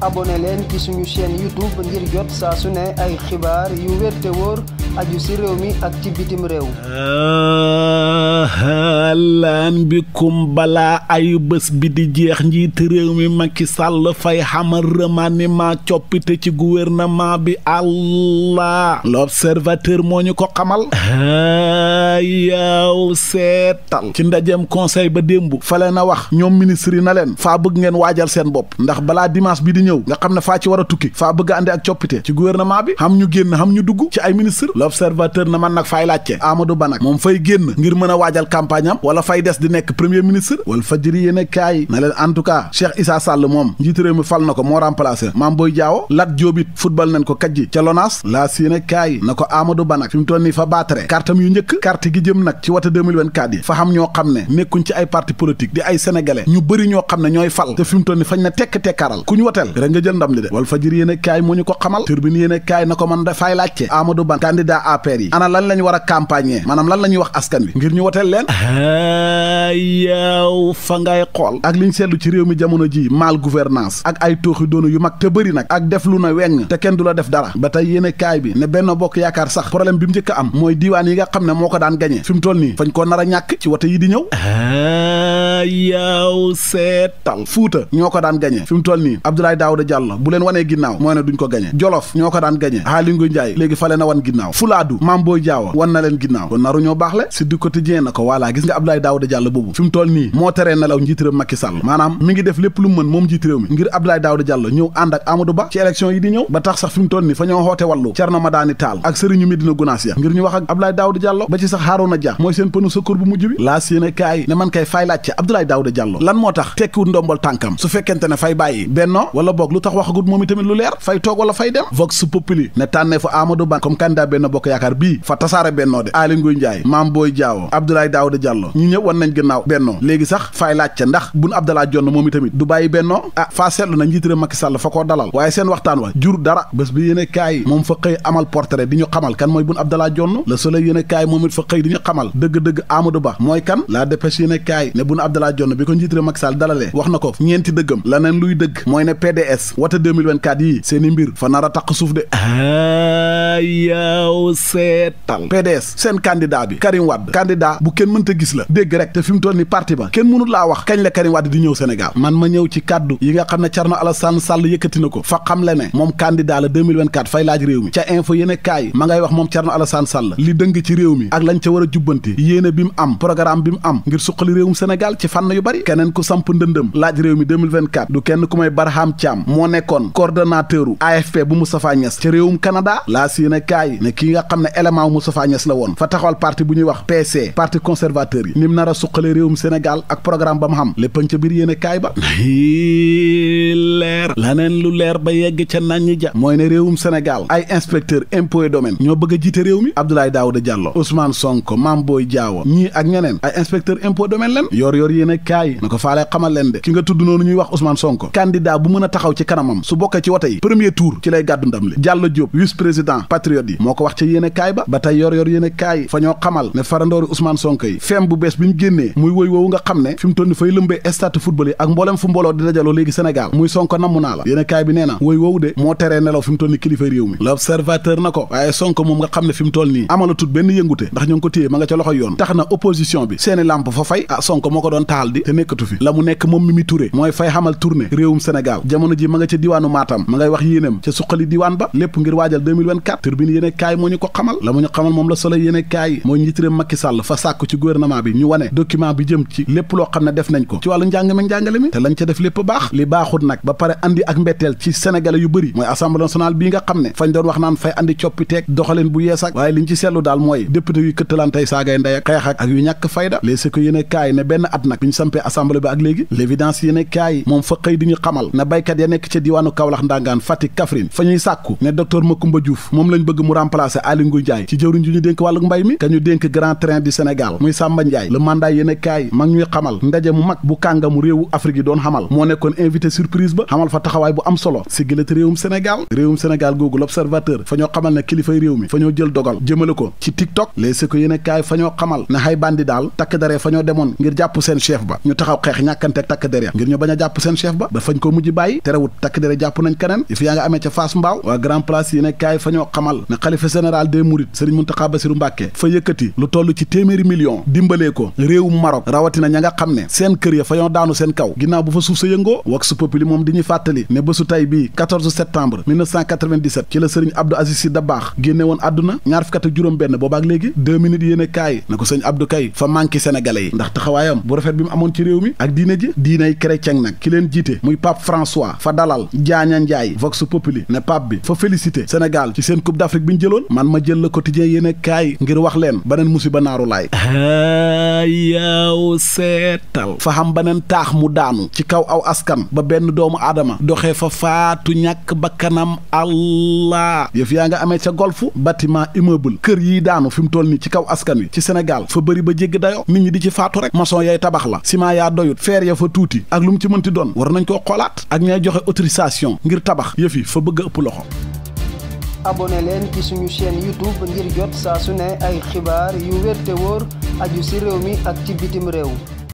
abonné leen ci suñu chaîne YouTube ngir jot saa su ne ay xibaar yu wér te aju ci réew mi ak ci bitim réew. lan bikum balaa ayu bés bi di jeex njiit réew mi ki Sall fay xamal remaniement coppite ci gouvernement bi Allah l'observateur moo ñu ko xamal. seetal ci ndajeem conseil ba démb fale na wax ñoom ministre yi na leen faa bëgg ngeen waajal seen bopp ndax balaa dimanche bi di ñëw nga xam ne faa ci war a tukki faa bëgg a àndi ak coppite ci gouvernement bi xam ñu génn xam ñu dugg ci ay ministre l'observateur na man nag fay laajte Amadou Ba nag moom fay génn ngir mën a waajal campagne am wala fay des di nekk premier ministre wala fajëri yéen kaay na leen en tout cas Cheikh moom njiitu mi fal na ko moo remplacé Mame Boye Diao Lat Diop it football nañ ko kajji ca Lonaas laa si yéen kaay na ko Amadou Ba nag fi mu toll nii fa yu njëkk carte gi jëm ci wata 2024 yi fa xam ñoo xam ne nekkuñ ci ay parti politique di ay sénégalais ñu bëri ñoo xam ne ñooy fal te fi mu ni fañ na tekk tekkaaral ku ñu woteel rek nga jël ndam li de wal fajir yéene kaay moo ñu ko xamal turbine yéene kaay na ko man dafay laajte Amadou Ba candidat APR yi ana lañ war a campagne maanaam lan la ñuy wax askan wi ngir ñu woteel leen yaaw fa ngay xool ak liñ seetlu ci réew mi jamono ji maal gouvernance ak ay tooxi doonu yu mag te bëri nag ak def lu na weng te kenn du la def dara ba tey yéene kaay bi ne benn bokk yaakaar sax problème bi njëkk a am mooy xam ne moo ko daan gañe fi mu nii dañ koo nar ñàkk ci wote yi di ñëw ah, yaaw seetal fuuta ñoo ko daan gañe fi mu toll nii Abdoulaye Daouda Diallo bu leen wanee ginnaaw mooy ne duñ ko gañe jolof ñoo ko daan gañe Haalingu Njaay léegi fale na wan ginnaaw fulaadu Mamboy Jaawa wan na leen ginnaaw kon naru ñoo baax le si du quotidien na ko voilà gis nga Abdoulaye Daouda Diallo boobu fi mu toll nii moo teree nelaw njiit réew Macky Sall maanaam mi ngi def lépp lu mu mën moom njiit réew mi ngir Abdoulaye Daouda Diallo ñëw ànd ak Amadou Ba ci élection yi di ñëw ba tax sax fi mu panu secours bu mujj bi laas yéen a kaay ne man kay fay laaj ci Abdoulaye Daouda Diallo lan moo tax tekkiwul ndombal tànkam su fekkente ne fay bàyyi benno wala boog lu fa tasaare bennoo de Aly Ngouille Ndiaye Mame Boye Diao Abdoulaye Daouda Diallo ñu ñëpp nañ gannaaw bennoo léegi sax fay laaj ca ndax bun Abdallah Dionne moom itamit du bàyyi bennoo ah faa seetlu na njiitare Macky Sall fa koo dalal waaye seen waxtaan wa jur dara bés bi yéen a kaay moom fa xëy amal portrait di ñu xamal kan mooy bun Abdallah Dionne Le Soleil yéen moom it fa xëy di ñu xamal dëgg dëgg Amadou Ba mooy kan la dépêche yéen kaay ne Boun Abdallah bi ko njiit réew Macky Sall wax na ko ñeenti dëggam la neen luy dëgg mooy ne PDS wote 2024 yii seeni mbir fa nar a taq suuf de ayaw seetal PDS seen candidat bi Karim Wade candidat bu kenn mënta gis la dégg rek te fi mu ni parti ba kenn mënul laa wax kañ la Karim Wade di ñëw Sénégal man ma ñëw ci kàddu yi nga xam ne Thierno Alassane Sall yëkkati na ko fa xam le ne moom candidat l 2024 fay laaj réew mi ca info yéen kaay ma ngay wax moom yéene bi mu am programme bi mu am ngir suqali réewum Sénégal ci fànn yu bari keneen ku samp ndëndëm laaj réew mi 2024 du kenn ku may Barham Thiam moo nekkoon coordonnateur u AFP bu Moustapha Niass ca réewum Canada laa si yéene kaay ne kii nga xam ne élément bu Moustapha Niass la woon fa taxawal parti bu ñuy wax PC parti conservateur yi nim nar a suqali réewum Sénégal ak programme ba mu xam léppañ ca biir yéene kaay ba leer nen lu leer ba yegg ca naññi ja mooy ne réewum Sénégal ay inspecteur impôt domaine ñoo bëgg a réew mi Abdoulaye Daouda Diallo Ousmane Sonko Mame Boye Diao Diawo ñii ak ñeneen ay inspecteur impôt domaine leen yor yor yéen a kaay na ko faalee xamal leen de ki nga tudd noonu ñuy wax Ousmane Sonko candidat bu mën a taxaw ci kanamam su bokkee ci wote yi premier tour ci lay gàddu ndam li Diallo Diop vice président patriote yi moo ko wax ca yéen a kaay ba ba tey yor yor yéen kaay fa xamal ne farandoori Ousmane Sonko yi feem bu bees bi ñu génnee muy woy woowu nga xam ne fi mu toll ni fay lëmbee stade football yi ak mboolem fu mbooloo di muy Sonko namm naa la yéen a kaay na woy woowu de moo mu toll kilifa réew mi l'observateur na ko moom nga xam ne fi mu toll nii amala tut benn yëngute ndax ño ngi ko téye ma tax na opposition bi seeni làmp fa fay ah Sonko moo ko doon taal di te nekkatu fi la mu nekk moom Mimi Touré mooy fay xamal tournée réewum Sénégal jamono ji ma nga ca diwaanu Matam ma ngay wax yéenam ca suqali diwaan ba lépp ngir waajal 2024 turbine yéene kaay moo ñu ko xamal la mu ñu xamal moom la Soleil yéene kaay mooy njiit réew Macky fa sàkk ci gouvernement bi ñu wane document bi jëm ci lépp loo xam ne def nañ ko ci wàllu njàng mi njàngale mi te def lépp baax li baaxut nag ba pare andi ak mbetteel ci sénégalais yu bëri mooy assemblée nationale bii nga xam ne fañ doon wax naan fay andi coppiteeg doxalin bu yees ak waaye liñ ci seetlu daal mooy député yu këttalantey xeex ak ak yu ñàkk fayda les si ko kaay ne benn at nag bi ñu sampee assemblée bi ak léegi l'évidence yéen kaay moom fa xëy di ñu xamal na béykat ya nekk ca diiwaanu Kaolack Ndangaan Fatick Kaffrine fa ñuy sàkku ne docteur Macoumba Diouf moom lañ bëgg mu remplacer Aly Ngouille ci jëwriñ ju ñu dénk wàlluk mbay mi ka ñu dénk grand train du Sénégal muy Samba Ndiaye le mandat yéen kaay mag ñuy xamal ndaje mu mag bu kàngamu réewu Afrique yi doon xamal moo nekkoon invité surprise ba xamal fa taxawaay bu googu l'observateur fa ñoo xamal ne kilifay réew mi fa ñoo jël dogal jëmale ko ci TikTok les si ko yéen kaay xamal ne xay bandi daal takk dere fa demoon ngir jàpp seen chef ba ñu taxaw xeex ñàkkanteeg takk dere ngir ñu bañ a jàpp seen chef ba ba fañ ko mujj bàyyi terewut takk dere jàpp nañ keneen yi yaa nga amee ca Fass Mbaaw waa grand place yi ne xamal ne xalifa général des mourides sëriñ Muntaxa Mbàkke fa yëkkati lu toll ci téeméeri million dimbalee ko réewu Maroc rawatina ña nga xam ne seen kër ya fa daanu seen kaw ginnaaw bu fa ne ko sëñ Abdou Kay fa manqué sénégalais yi ndax taxawaayam bu rafet bi mu amoon ci réew mi ak diine ji diinay chrétien nag ki leen jiite muy pape François fa dalal jaaña njaay vox populi ne pape bi fa félicité Sénégal ci seen coupe d'Afrique bi ñu jëloon man ma jël le quotidien yéen kaay ngir wax leen baneen musiba naaru laay yaaw seetal fa xam baneen taax mu daanu ci kaw aw askan ba benn doomu aadama doxee fa faatu ñàkk bakkanam allah yëf yaa nga amee ca golfu bâtiment immeuble kër yi daanu fi mu toll ni ci kaw askan wi ci Sénégal Sénégal fa bëri ba jégg dayo nit ñi di ci faatu rek maçon yay tabax la ciment yaa doyut feer ya fa tuuti ak lu mu ci mënti doon war nañ koo xoolaat ak ñay joxe autorisation ngir tabax yëf yi fa bëgg ëpp loxo abonné leen ki suñu seen youtube ngir jot saa su ne ay xibaar yu wér te wóor aju si réew mi ak ci bitim réew